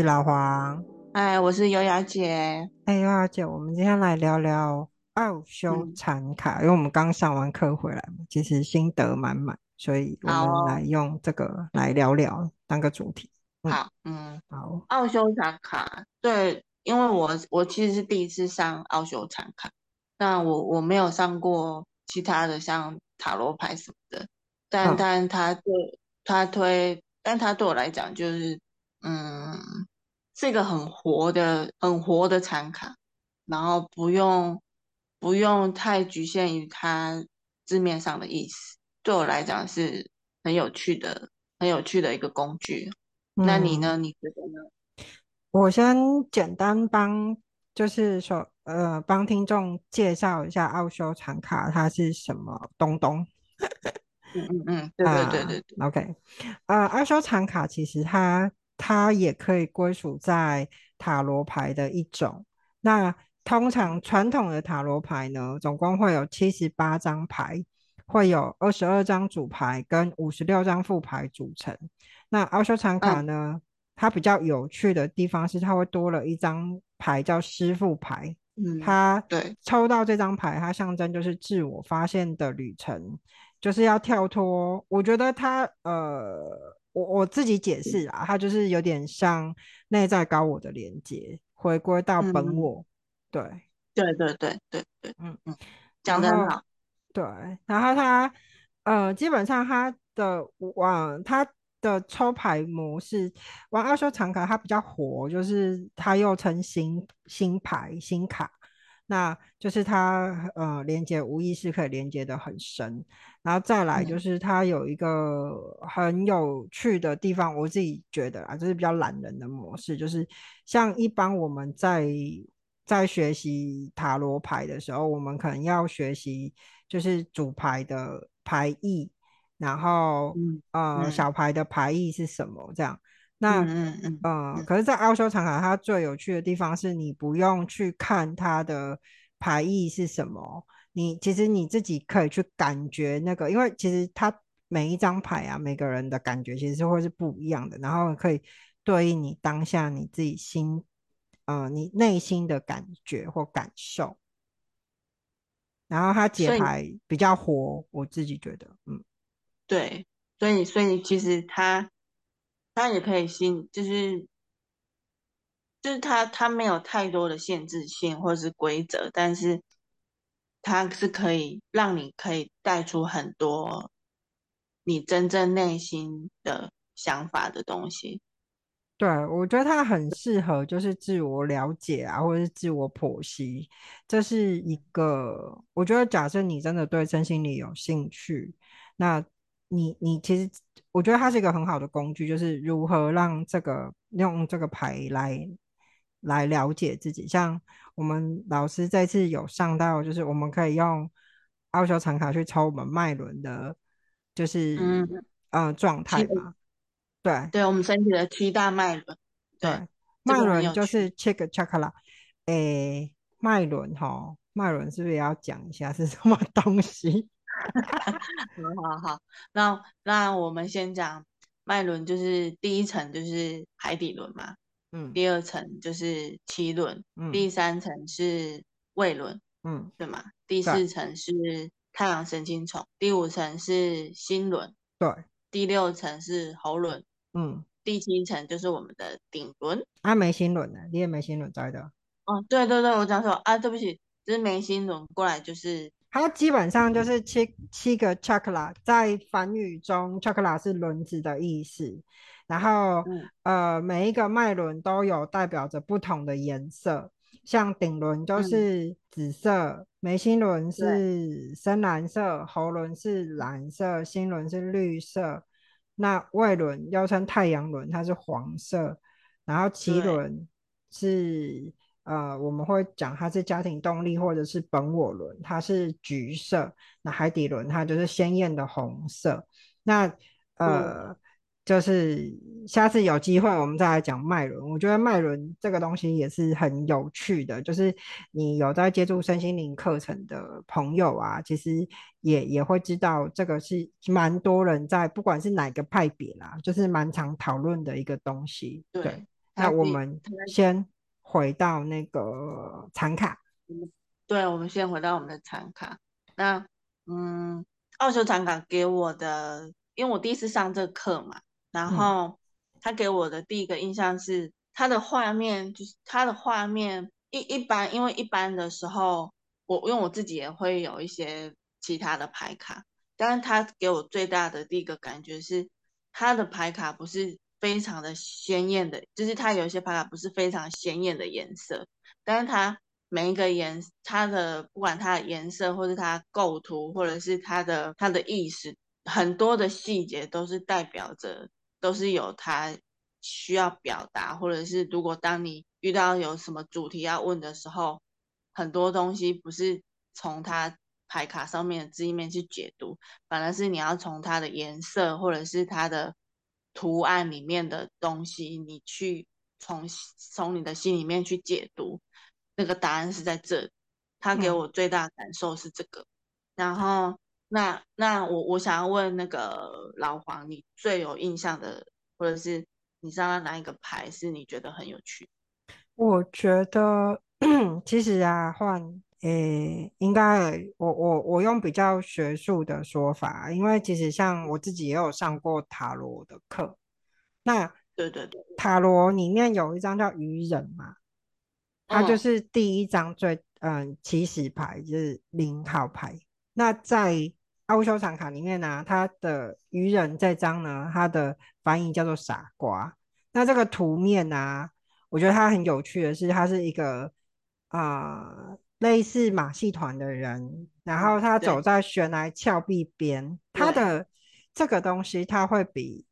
是老黃，哎，我是優雅姐，哎，優雅姐，我們今天來聊聊奧修禪卡，嗯，因為我們剛上完課回來嘛，其實心得滿滿，所以我們來用這個來聊聊，哦，當個主題，嗯。好，嗯，好，奧修禪卡，對，因為我我其實是第一次上奧修禪卡，那我我沒有上過其他的像塔羅牌什麼的，但但他對、嗯、他推，但他對我來講就是。嗯，是一個很活的、很活的禪卡，然後不用、不用太局限於它字面上的意思。對我來講是很有趣的、很有趣的一個工具。那你呢？嗯、你覺得呢？我先簡單幫，就是說，呃，幫聽眾介紹一下奧修禪卡它是什麼東東。 嗯嗯嗯，對對對對，對、啊、OK，呃，奧修禪卡其實它。它也可以歸屬在塔羅牌的一種。那通常傳統的塔羅牌呢，總共會有七十八張牌，會有二十二張主牌跟五十六張副牌組成。那奧修禪卡呢，嗯，它比較有趣的地方是，它會多了一張牌叫師父牌。嗯，它對抽到這張牌，它象徵就是自我發現的旅程，就是要跳脫。我覺得它呃。我我自己解釋啊，它就是有點像內在高我的連接，回歸到本我，嗯對。對，對對對對對，嗯嗯，講得很好。對，然後他呃基本上他的往他的抽牌模式玩奧修禪卡，它比較火，就是它又稱新新牌新卡。那就是它呃連接，無意識可以連接得很深，然後再來就是它有一個很有趣的地方，嗯、我自己覺得啊，就是比較懶人的模式，就是像一般我們在在學習塔羅牌的時候，我們可能要學習就是主牌的牌意，然後、嗯嗯、呃小牌的牌意是什麼這樣。那嗯嗯、呃、嗯，可是，在奧修禪卡，它最有趣的地方是你不用去看它的牌意是什麼，你其實你自己可以去感覺那個，因為其實它每一張牌啊，每個人的感覺其實是會是不一樣的，然後可以對應你當下你自己心，呃，你內心的感覺或感受，然後它解牌比較活，我自己覺得，嗯，對，所以所以其實它。它也可以心，就是就是它它沒有太多的限制性，或是規則，但是它是可以讓你可以帶出很多你真正內心的想法的東西。對我覺得它很適合，就是自我了解啊，或者是自我剖析。這是一個，我覺得假設你真的對身心理有興趣，那。你你其實，我覺得它是一個很好的工具，就是如何讓這個用這個牌來來了解自己。像我們老師這次有上到，就是我們可以用奧修禪卡去抽我們脈輪的，就是嗯狀態嘛。對，對，對，對我們身體的七大脈輪。對，脈輪就是 Chakra。誒、欸，脈輪吼，脈輪是不是也要講一下是什麼東西？ 好 好好，那那我們先講脈輪，就是第一層就是海底輪嘛，嗯，第二層就是臍輪，嗯，第三層是胃輪，嗯，對嗎？第四層是太陽神經叢，第五層是心輪，對，第六層是喉輪，嗯，第七層就是我們的頂輪。啊，眉心輪呢你也沒眉心輪在的？哦對對對，我講說啊，對不起，就是眉心輪過來就是。它基本上就是七、嗯、七個 chakra，在梵語中，chakra 是輪子的意思。然後、嗯，呃，每一個脈輪都有代表着不同的顏色，像頂輪就是紫色，嗯、眉心輪是深藍色，喉輪是藍色，心輪是綠色。那胃輪又稱太陽輪，它是黃色。然後臍輪是。呃，我們會講它是家庭動力，或者是本我輪，它是橘色。那海底輪它就是鮮豔的紅色。那呃、嗯，就是下次有機會我們再來講脈輪。我覺得脈輪這個東西也是很有趣的，就是你有在接觸身心靈課程的朋友啊，其實也也會知道這個是蠻多人在不管是哪個派別啦，就是蠻常討論的一個東西。對，對。那我們先。回到那個禪卡，嗯，對，我們先回到我們的禪卡，那，嗯，奧修禪卡給我的，因為我第一次上這個課嘛，然後他、嗯、給我的第一個印象是他的畫面，就是他的畫面一一般，因為一般的時候，我用我自己也會有一些其他的牌卡，但是他給我最大的第一個感覺是他的牌卡不是。非常的鮮艷的，就是它有一些牌卡不是非常鮮艷的顏色，但是它每一個顏，它的不管它的顏色，或是它構圖，或者是它的它的意思，很多的細節都是代表着，都是有它需要表達，或者是如果當你遇到有什麼主題要問的時候，很多東西不是從它牌卡上面的字面去解讀，反而是你要從它的顏色或者是它的。圖案裡面的東西，你去從從你的心裡面去解讀，那個答案是在這。他給我最大的感受是這個。嗯、然後，那那我我想要問那個老黃，你最有印象的，或者是你上了哪一個牌是你覺得很有趣？我覺得， 其實啊，換。呃、欸，應該我我我用比較學術的說法，因為其實像我自己也有上過塔羅的課，那對對對，塔羅裡面有一張叫愚人嘛，它就是第一張最嗯，嗯起始牌，就是零號牌。那在奧修禪卡裡面、啊、呢，它的愚人這張呢，它的翻譯叫做傻瓜。那這個圖面呢、啊，我覺得它很有趣的是，它是一個啊。呃類似馬戲團的人，然後他走在懸崖峭壁邊，他的這個東西他會比，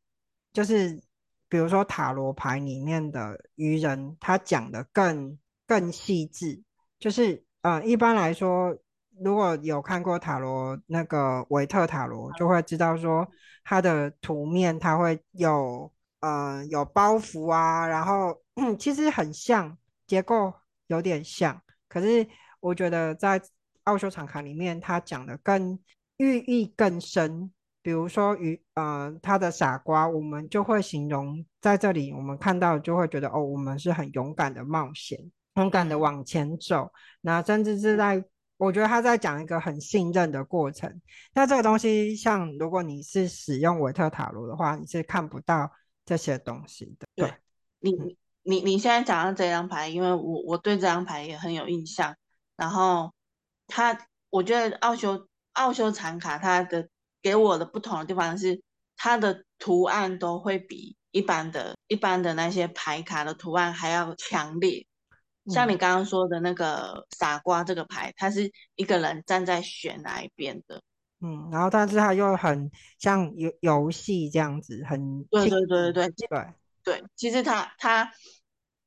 就是比如說塔羅牌裡面的愚人，他講得更更細緻，就是呃一般來說，如果有看過塔羅那個韋特塔羅，就會知道說他的圖面他會有呃有包袱啊，然後、嗯、其實很像，結構有點像，可是。我覺得在《奧修禪卡》裡面，他講得更寓意更深。比如說，與、呃、他的傻瓜，我們就會形容在這裡，我們看到就會覺得哦，我們是很勇敢的冒險，勇敢的往前走。那、嗯、甚至是在我覺得他在講一個很信任的過程。那這個東西，像如果你是使用維特塔羅的話，你是看不到這些東西的。對，對你、嗯、你你現在講到這張牌，因為我我對這張牌也很有印象。然後，他，我覺得奧修奧修禪卡他的給我的不同的地方是，他的圖案都會比一般的一般的那些牌卡的圖案還要強烈。像你剛剛說的那個傻瓜這個牌，嗯、他是一個人站在懸崖邊的。嗯，然後但是他又很像遊遊戲這樣子，很，對對對對對對，對，對，其實他他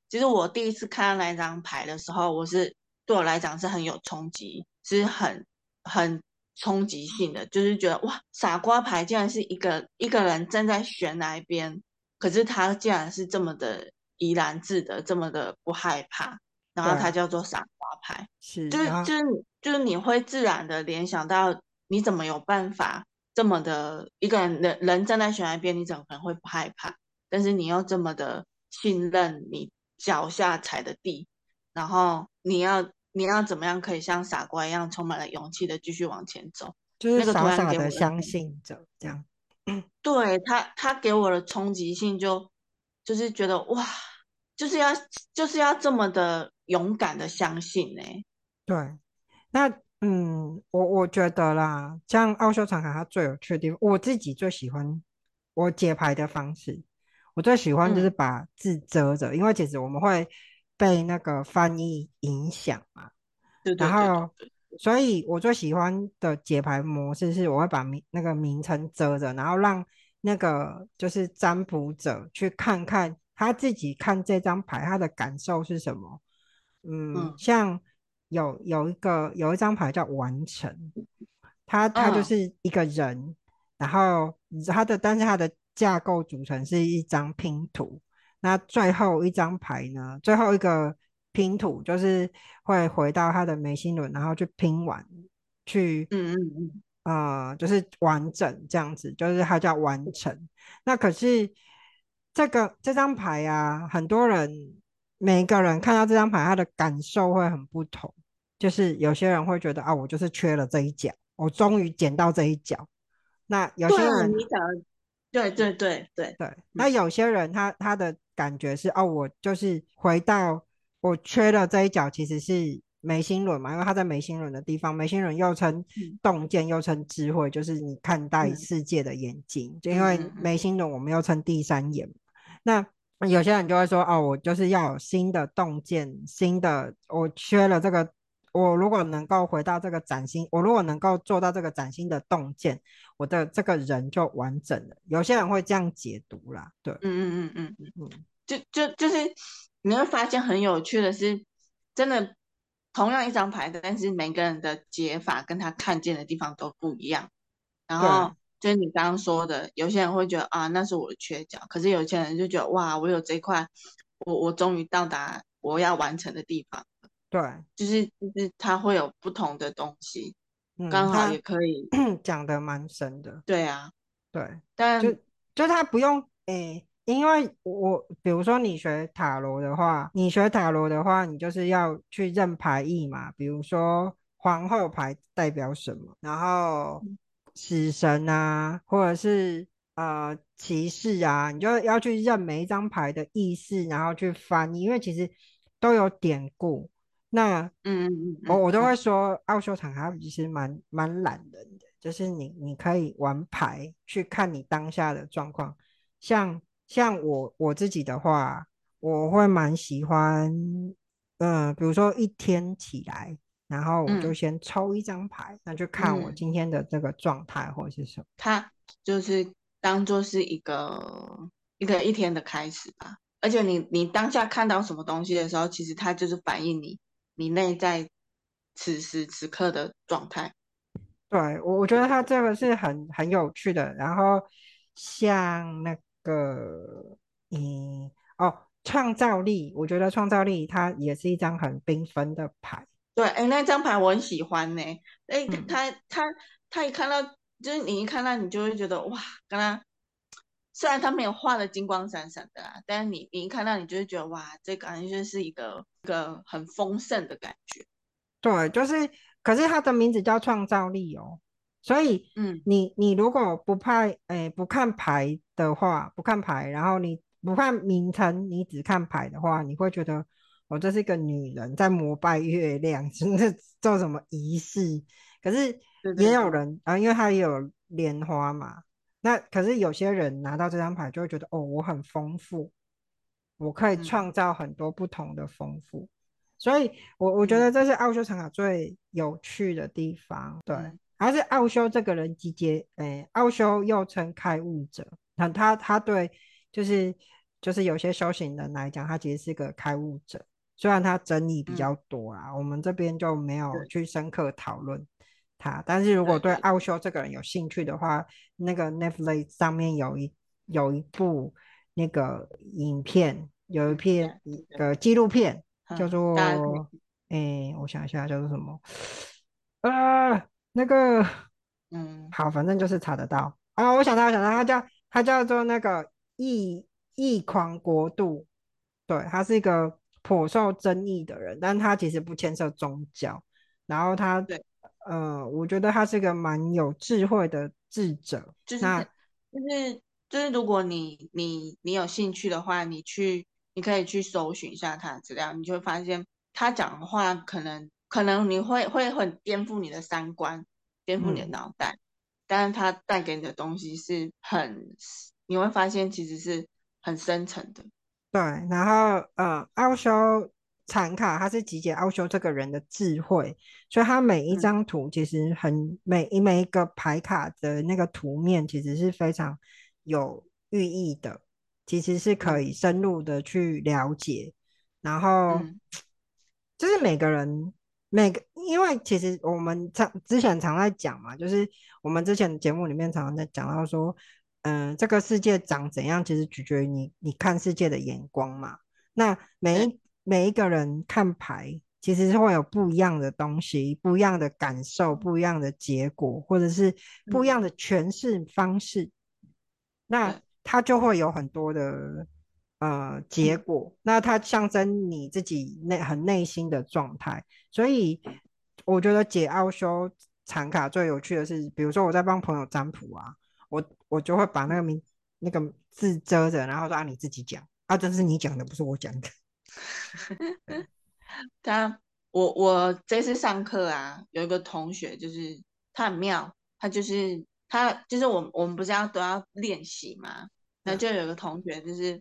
其實我第一次看到那張牌的時候，我是。對我來講是很有衝擊，是很很衝擊性的，就是覺得哇，傻瓜牌竟然是一個一個人站在懸崖邊，可是他竟然是這麼的怡然自得，這麼的不害怕，然後他叫做傻瓜牌，啊、是、啊、就是就是就是你會自然的聯想到，你怎麼有辦法這麼的一個人人人站在懸崖邊，你怎麼可能會不害怕？但是你又這麼的信任你腳下踩的地，然後你要。你要怎麼樣可以像傻瓜一樣，充滿了勇氣的繼續往前走，就是傻傻的相信着這樣。對他，他給我的衝擊性就就是覺得哇，就是要就是要這麼的勇敢的相信呢、欸。對，那嗯，我我覺得啦，像奧修禪卡，它最有確定，我自己最喜歡我解牌的方式，我最喜歡就是把字遮着，嗯，因為其實我們會。被那個翻譯影響嘛，對對對對對對，然後，所以我最喜歡的解牌模式是，我會把名那個名稱遮着，然後讓那個就是占卜者去看看他自己看這張牌，他的感受是什麼。嗯，嗯像有有一個有一張牌叫完成，他他就是一個人，嗯，然後他的但是他的架構組成是一張拼圖。那最後一張牌呢？最後一個拼圖就是會回到他的眉心輪，然後去拼完，去，嗯嗯嗯，啊、呃，就是完整這樣子，就是它叫完成、嗯。那可是這個這張牌啊，很多人每一個人看到這張牌，他的感受會很不同。就是有些人會覺得啊，我就是缺了這一角，我終於撿到這一角。那有些人，對你講，對對對對對。那有些人他，他、嗯、他的。感覺是哦，我就是回到我缺了這一角，其實是眉心輪嘛，因為它在眉心輪的地方。眉心輪又稱洞見，又稱智慧，就是你看待世界的眼睛。嗯、就因為眉心輪，我們又稱第三眼、嗯。那有些人就會說，哦，我就是要有新的洞見，新的我缺了這個。我如果能夠回到這個嶄新，我如果能夠做到這個嶄新的洞見，我的這個人就完整了。有些人會這樣解讀啦，對，嗯嗯嗯嗯嗯，就就就是，你會發現很有趣的是，真的，同樣一張牌，但是每個人的解法跟他看見的地方都不一樣。然後就是你剛剛說的，有些人會覺得啊，那是我的缺角，可是有些人就覺得哇，我有這塊我，我我終於到達我要完成的地方。對，就是就是它會有不同的東西，剛、嗯、好也可以講得蠻深的。對啊，對，但就就是它不用誒、欸，因為我比如說你學塔羅的話，你學塔羅的話，你就是要去認牌意嘛。比如說皇後牌代表什麼，然後死神啊，或者是呃騎士啊，你就要去認每一張牌的意思，然後去翻，因為其實都有典故。那嗯嗯嗯，我我都會說，嗯、奧修禪卡他其實蠻蠻懶人的，就是你你可以玩牌去看你當下的狀況。像像我我自己的話，我會蠻喜歡，嗯、呃，比如說一天起來，然後我就先抽一張牌，嗯、那就看我今天的這個狀態或是什麼。他、嗯、就是當做是一個一個一天的開始吧。而且你你當下看到什麼東西的時候，其實他就是反映你。你內在此時此刻的狀態。對，我我覺得他這個是很很有趣的。然後像那個，嗯，哦，創造力，我覺得創造力它也是一張很繽紛的牌。對，哎、欸，那張牌我很喜歡呢、欸。哎、欸嗯，他他他一看到，就是你一看到，你就會覺得哇，跟他。雖然它沒有畫的金光閃閃的啦、啊，但是你你一看到，你就會覺得哇，這感、個、覺、啊、就是一個一個很豐盛的感覺。對，就是，可是它的名字叫創造力哦，所以嗯，你你如果不怕，哎、欸，不看牌的話，不看牌，然後你不看名稱，你只看牌的話，你會覺得我、哦、這是一個女人在膜拜月亮，不 是做什麼儀式。可是也有人，然、啊、因為它也有蓮花嘛。那可是有些人拿到這張牌就會覺得哦，我很豐富，我可以創造很多不同的豐富、嗯，所以我我覺得這是奧修禪卡最有趣的地方。嗯、對，還是奧修這個人集結，哎、欸，奧修又稱開悟者，那、嗯、他他對就是就是有些修行人來講，他其實是個開悟者，雖然他爭議比較多啊，嗯、我們這邊就沒有去深刻討論。他，但是如果對奧修這個人有興趣的話， 那個 Netflix 上面有一有一部那個影片，有一篇呃紀錄片，叫做哎，我想一下叫做什麼？呃，那個嗯，好，反正就是查得到啊、哦！我想到，我想到，他叫他叫做那個異異狂國度，對，他是一個頗受爭議的人，但他其實不牽涉宗教，然後他。對。呃，我覺得他是一個蠻有智慧的智者，就是，就是，就是如果你你你有興趣的話，你去你可以去搜尋一下他的資料，你就會發現他講的話可能可能你會會很顛覆你的三觀，顛覆你的腦袋，嗯，但是他帶給你的東西是很，你會發現其實是很深層的。對，然後呃，奧修。禪卡，它是集結奧修這個人的智慧，所以它每一張圖其實很、嗯、每每一個牌卡的那個圖面其實是非常有寓意的，其實是可以深入的去了解。然後、嗯、就是每個人每個，因為其實我們常之前常在講嘛，就是我們之前的節目裡面常常在講到說，嗯、呃，這個世界長怎樣，其實取決於你你看世界的眼光嘛。那每一、嗯每一個人看牌，其實是會有不一樣的東西、不一樣的感受、不一樣的結果，或者是不一樣的詮釋方式、嗯。那它就會有很多的呃結果、嗯。那它象徵你自己內很內心的狀態。所以我覺得解奧修禪卡最有趣的是，比如說我在幫朋友占卜啊，我我就會把那個名那個字遮着，然後說：“啊、你自己講啊，這是你講的，不是我講的。” 他，我我這次上課啊，有一個同學就是他很妙，他就是他就是我們我們不是要都要練習嗎？那就有一個同學就是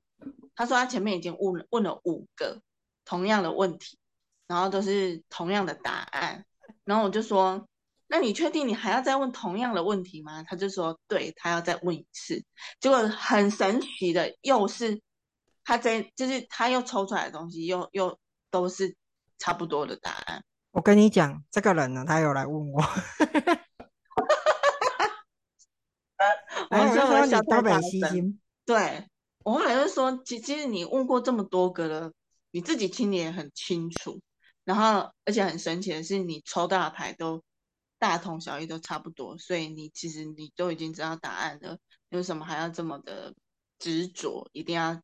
他說他前面已經問問了五個同樣的問題，然後都是同樣的答案，然後我就說，那你確定你還要再問同樣的問題嗎？他就說，對，他要再問一次。結果很神奇的，又是。他這就是他又抽出來的東西，又又都是差不多的答案。我跟你講，這個人呢，他有來問我， 啊、我後來就小板心心，對我們來就說，其實其實你問過這麼多個了，你自己心裡也很清楚，然後而且很神奇的是，你抽到的牌都大同小異，都差不多，所以你其實你都已經知道答案了，為什麼還要這麼的執着，一定要？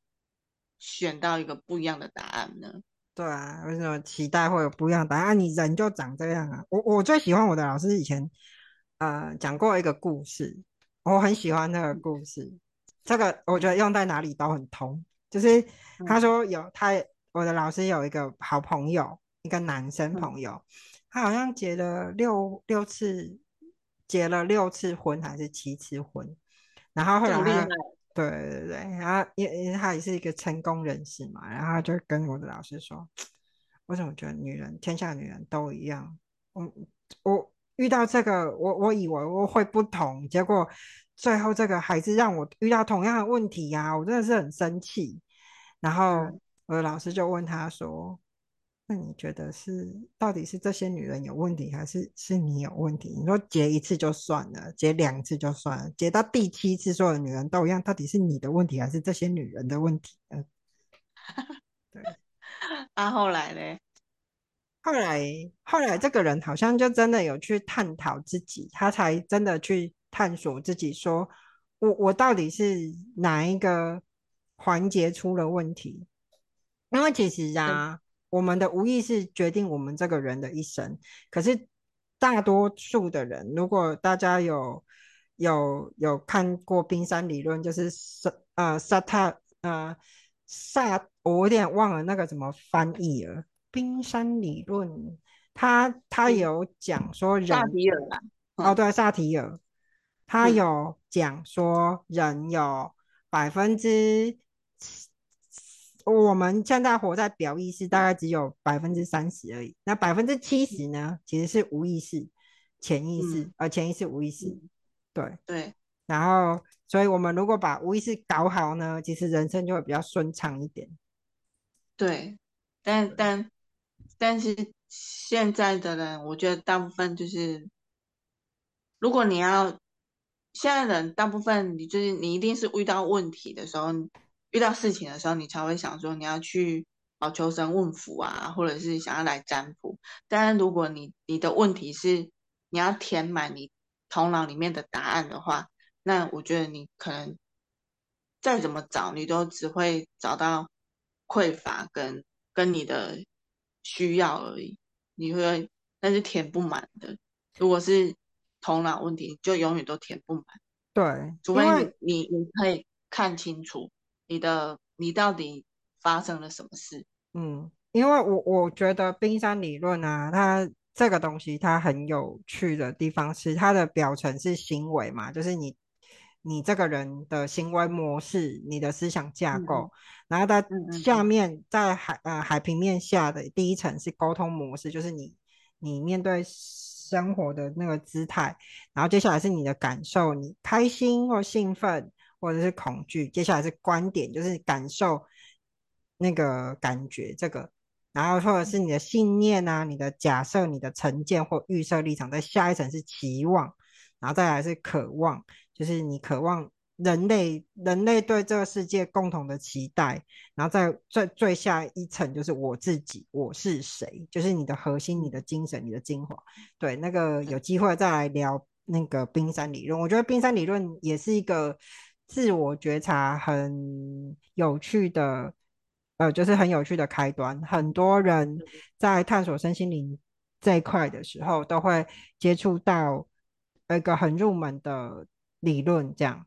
選到一個不一樣的答案呢？對啊，為什麼期待會有不一樣的答案？你人就長這樣啊！我我最喜歡我的老師以前，呃，講過一個故事，我很喜歡那個故事，嗯。這個我覺得用在哪裡都很通，就是他說有、嗯、他我的老師有一個好朋友，一個男生朋友，嗯、他好像結了六六次，結了六次婚還是七次婚，然後後來對對對，然後因因為他也是一個成功人士嘛，然後他就跟我的老師說：“我怎麼覺得女人天下女人都一樣？我我遇到這個，我我以為我會不同，結果最後這個還是讓我遇到同樣的問題呀、啊！我真的是很生氣。”然後我的老師就問他說。那你覺得是到底是這些女人有問題，還是是你有問題？你說結一次就算了，結兩次就算了，結到第七次所有的女人都一樣，到底是你的問題，還是這些女人的問題呢？嗯， 對。那、啊、後來呢？後來，後來這個人好像就真的有去探討自己，他才真的去探索自己說，說我我到底是哪一個環節出了問題？因為其實啊。我們的無意識決定我們這個人的一生，可是大多數的人，如果大家有有有看過冰山理論，就是、S、呃薩塔、呃薩，我有點忘了那個怎麼翻譯了。冰山理論，他他有講說人，薩提爾啊、嗯、哦對，薩提爾，他有講說人有百分之。我們現在活在表意識，大概只有百分之三十而已。那百分之七十呢，其實是無意識、潛意識，嗯、呃，潛意識無意識。嗯、對對。然後，所以我們如果把無意識搞好呢，其實人生就會比較順暢一點。對，但但但是現在的人，我覺得大部分就是，如果你要現在的人，大部分你就是你一定是遇到問題的時候。遇到事情的時候，你才會想說你要去求神問佛啊，或者是想要來占卜。當然如果你你的問題是你要填滿你頭腦裡面的答案的話，那我覺得你可能再怎麼找，你都只會找到匱乏跟跟你的需要而已。你會，但是填不滿的。如果是頭腦問題，就永遠都填不滿。對，除非你你你可以看清楚。你的你到底發生了什麼事？嗯，因為我我覺得冰山理論啊，它這個東西它很有趣的地方是它的表層是行為嘛，就是你你這個人的行為模式、你的思想架構，嗯、然後它下面在海呃、嗯嗯嗯嗯、海平面下的第一層是溝通模式，就是你你面對生活的那個姿態，然後接下來是你的感受，你開心或興奮。或者是恐懼，接下來是觀點，就是感受那個感覺這個，然後或者是你的信念啊、你的假設、你的成見或預設立場，在下一層是期望，然後再來是渴望，就是你渴望人類人類對這個世界共同的期待，然後再最最下一層就是我自己，我是誰，就是你的核心、你的精神、你的精華。對，那個有機會再來聊那個冰山理論，我覺得冰山理論也是一個。自我覺察很有趣的，呃，就是很有趣的開端。很多人在探索身心靈這一塊的時候，都會接觸到一個很入門的理論這樣。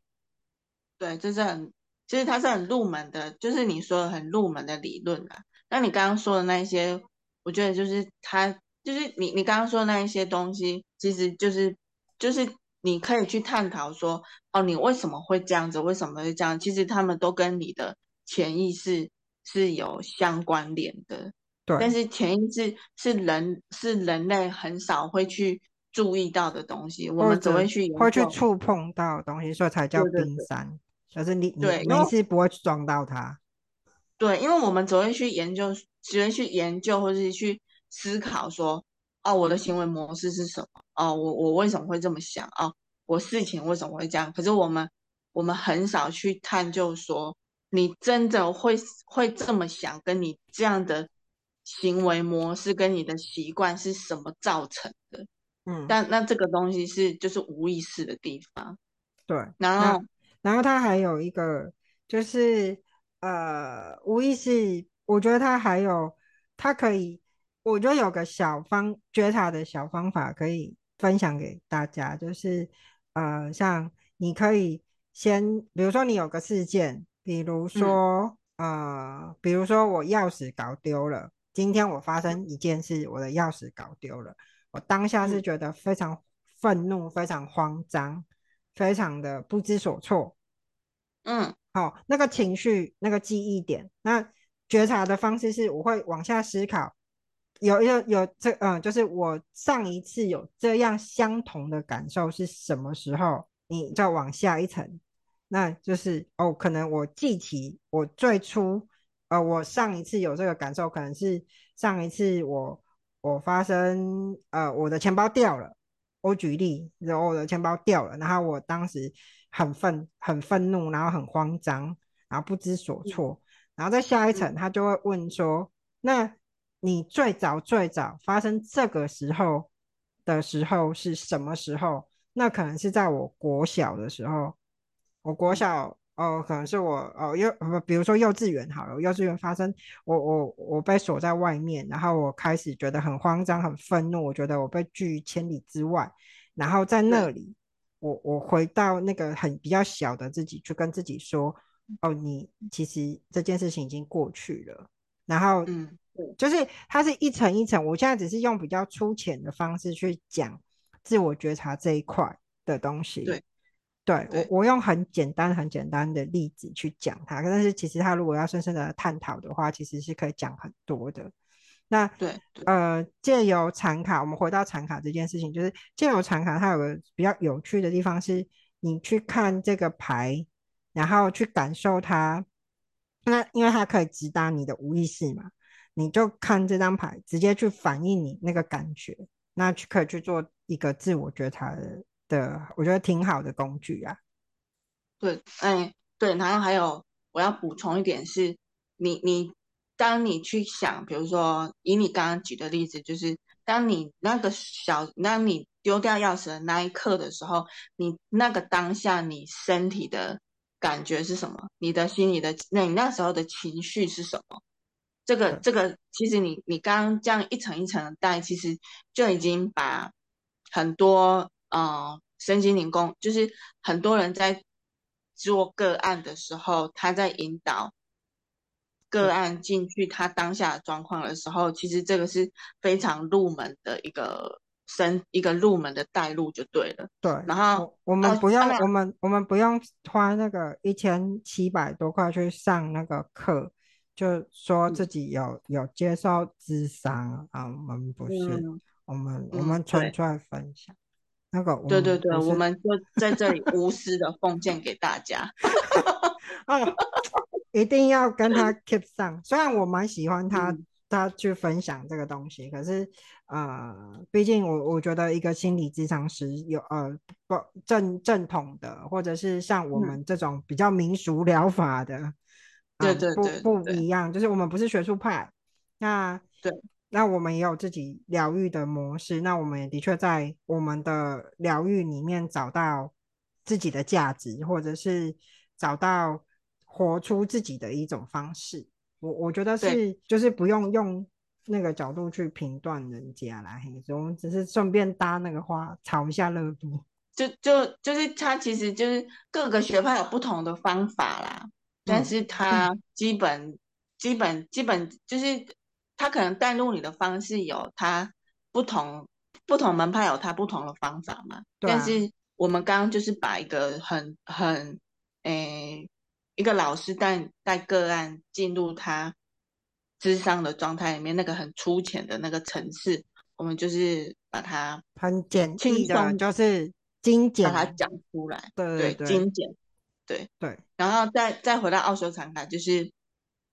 對，就是很，其實它是很入門的，就是你說的很入門的理論啊。那你剛剛說的那一些，我覺得就是它，就是你，你剛剛說的那一些東西，其實就是，就是。你可以去探討說，哦，你為什麼會這樣子？為什麼會這樣子？其實他們都跟你的潛意識是有相關聯的。對。但是潛意識是人是人類很少會去注意到的東西，我們只會去會去觸碰到的東西，所以才叫冰山。對對對，可是你，對，你是不會去撞到它。對，因為我們只會去研究，只會去研究，或是去思考說。啊、哦，我的行為模式是什麼啊、哦？我我為什麼會這麼想啊、哦？我事情為什麼會這樣？可是我們我們很少去探究說，你真的會會這麼想，跟你這樣的行為模式跟你的習慣是什麼造成的？嗯，但那這個東西是就是無意識的地方。對，然後然後他還有一個就是呃無意識，我覺得他還有他可以。我覺得有個小方覺察的小方法可以分享給大家，就是呃，像你可以先，比如說你有個事件，比如說、嗯、呃，比如說我鑰匙搞丟了。今天我發生一件事，嗯、我的鑰匙搞丟了，我當下是覺得非常憤怒、非常慌張、非常的不知所措。嗯，好、哦，那個情緒、那個記憶點，那覺察的方式是，我會往下思考。有有有，這嗯，就是我上一次有這樣相同的感受是什麼時候？你再往下一層，那就是哦，可能我記起我最初呃，我上一次有這個感受，可能是上一次我我發生呃，我的錢包掉了。我舉例，然後我的錢包掉了，然後我當時很憤很憤怒，然後很慌張，然後不知所措，嗯、然後在下一層，他就會問說那。你最早最早發生這個時候的時候是什麼時候？那可能是在我國小的時候，我國小哦，可能是我哦幼，比如說幼稚園好了，幼稚園發生，我我我被鎖在外面，然後我開始覺得很慌張、很憤怒，我覺得我被拒於千里之外。然後在那裡，嗯、我我回到那個很比較小的自己，去跟自己說：“哦，你其實這件事情已經過去了。”然後，嗯，就是它是一層一層。我現在只是用比較粗淺的方式去講自我覺察這一塊的東西。對，我我用很簡單、很簡單的例子去講它。但是其實它如果要深深的探討的話，其實是可以講很多的。那對，對，呃，借由禪卡，我們回到禪卡這件事情，就是借由禪卡，它有個比較有趣的地方是，你去看這個牌，然後去感受它。那因為它可以直達你的無意識嘛，你就看這張牌，直接去反映你那個感覺，那就可以去做一個自我覺察的，我覺得挺好的工具啊。對，哎、欸，對，然後還有我要補充一點是，你你當你去想，比如說以你剛剛舉的例子，就是當你那個小當你丟掉鑰匙的那一刻的時候，你那個當下你身體的。感覺是什麼？你的心裡的，那你那時候的情緒是什麼？這個，這個，其實你你剛剛這樣一層一層的帶，其實就已經把很多呃身心靈工，就是很多人在做個案的時候，他在引導個案進去他當下的狀況的時候，嗯、其實這個是非常入門的一個。升一個入門的帶路就對了，對。然後我，我們不用，啊、我們我們不用花那個一千七百多塊去上那個課，就說自己有、嗯、有接受諮商啊。我們不是，嗯、我們我們純粹分享、嗯、那個。對對對，我們就在這裡無私的奉獻給大家。 嗯、一定要跟他 keep 上，雖然我蠻喜歡他。嗯大家去分享這個東西，可是呃，畢竟我我覺得一個心理諮商師有呃不正正統的，或者是像我們這種比較民俗療法的，嗯嗯、對，對，對對，不不一樣，就是我們不是學術派，那對，那我們也有自己療癒的模式，那我們也的確在我們的療癒裡面找到自己的價值，或者是找到活出自己的一種方式。我我覺得是，就是不用用那個角度，去評斷人家啦，我們只是順便搭那個話，炒一下熱度，就就就是他其實就是各個學派有不同的方法啦，嗯、但是他基本、嗯、基本基本就是他可能帶入你的方式有他不同不同門派有他不同的方法嘛，對啊、但是我們剛剛就是擺，一個很很誒。欸一個老師帶帶個案進入他諮商的狀態裡面，那個很粗淺的那個層次，我們就是把它很簡，輕鬆就是精簡，把它講出來。對對精簡，對對，對。然後再再回到奧修禪卡，就是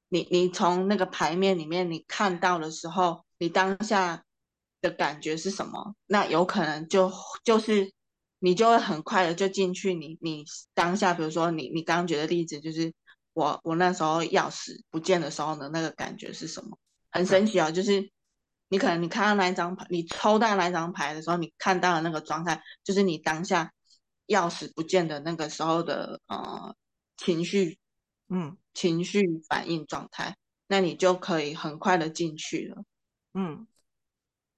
你你從那個牌面裡面你看到的時候，你當下的感覺是什麼？那有可能就就是。你就會很快的就進去你，你你當下，比如說你你剛舉的例子，就是我我那時候鑰匙不見的時候的那個感覺是什麼？很神奇哦，Okay. 就是你可能你看到那一張牌，你抽到那張牌的時候，你看到的那個狀態，就是你當下鑰匙不見的那個時候的呃情緒，嗯，情緒反應狀態，那你就可以很快的進去了，嗯，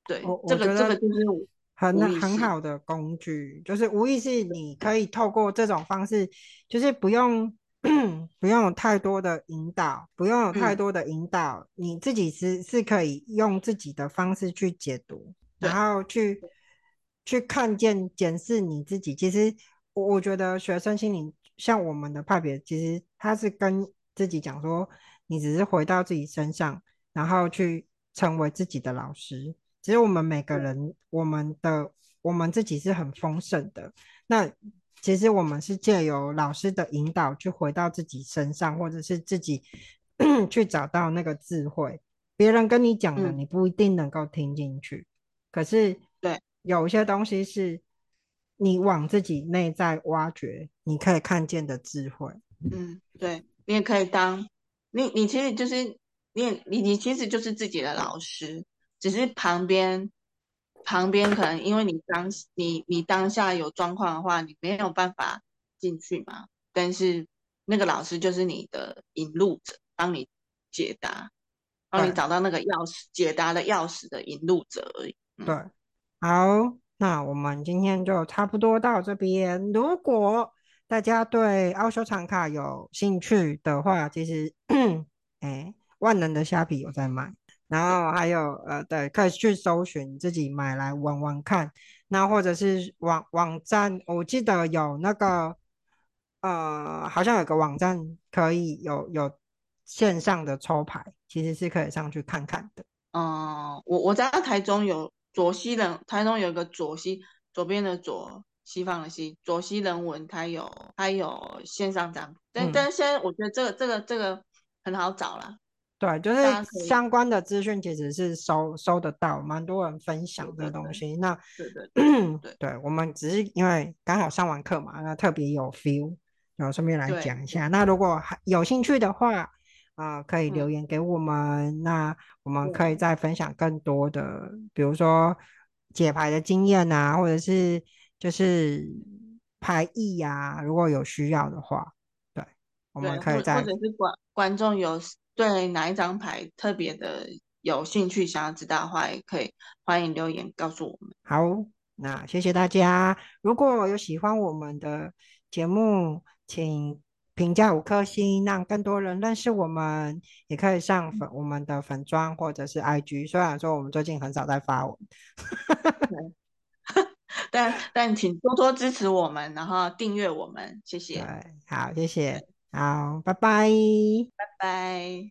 對，這個這個就是。很很好的工具，就是無意識，你可以透過這種方式，就是不用、嗯、 不用太多的引導，不用有太多的引導，嗯，你自己是是可以用自己的方式去解讀，然後去、嗯、去看見、檢視你自己。其實我我覺得學生心靈像我們的派別，其實他是跟自己講說，你只是回到自己身上，然後去成為自己的老師。其實我們每個人，嗯、我們的我們自己是很豐盛的。那其實我們是借由老師的引導去回到自己身上，或者是自己 去找到那個智慧。別人跟你講的、嗯，你不一定能夠聽進去。可是，對，有一些東西是你往自己內在挖掘，你可以看見的智慧。嗯，對，你也可以當你你其實就是你你你其實就是自己的老師。只是旁邊，旁邊可能因為你當，你你當下有狀況的話，你沒有辦法進去嘛。但是那個老師就是你的引路者，幫你解答，幫你找到那個鑰匙，解答了鑰匙的引路者而已、嗯。對，好，那我們今天就差不多到這邊。如果大家對奧修禪卡有興趣的話，其實，哎、 欸，萬能的蝦皮有在賣。然後還有呃，對，可以去搜尋自己買來玩玩看，那或者是網網站，我記得有那個呃，好像有個網站可以有有線上的抽牌，其實是可以上去看看的。嗯、呃，我我知道台中有左西人，台中有個左西，左邊的左，西方的西，左西人文，它有它有線上這樣，但、嗯、但是現在我覺得這個這個這個很好找了。對，就是相關的資訊，其實是收收得到，蠻多人分享的東西。那對對對、對、對， 對，我們只是因為剛好上完課嘛，那特別有 feel，然後順便來講一下對對對對。那如果有興趣的話，啊、呃，可以留言給我們、嗯，那我們可以再分享更多的、嗯，比如說解牌的經驗啊，或者是就是牌意呀、啊，如果有需要的話，對，我們可以再或者是觀眾有對哪一張牌特別的有興趣，想要知道的話，也可以歡迎留言告訴我們。好，那謝謝大家。如果有喜歡我們的節目，請評價五顆星，讓更多人認識我們。也可以上粉、嗯、我們的粉專或者是 IG。雖然說我們最近很少在發文， 但但請多多支持我們，然後訂閱我們。謝謝。好，謝謝。好，拜拜。拜拜。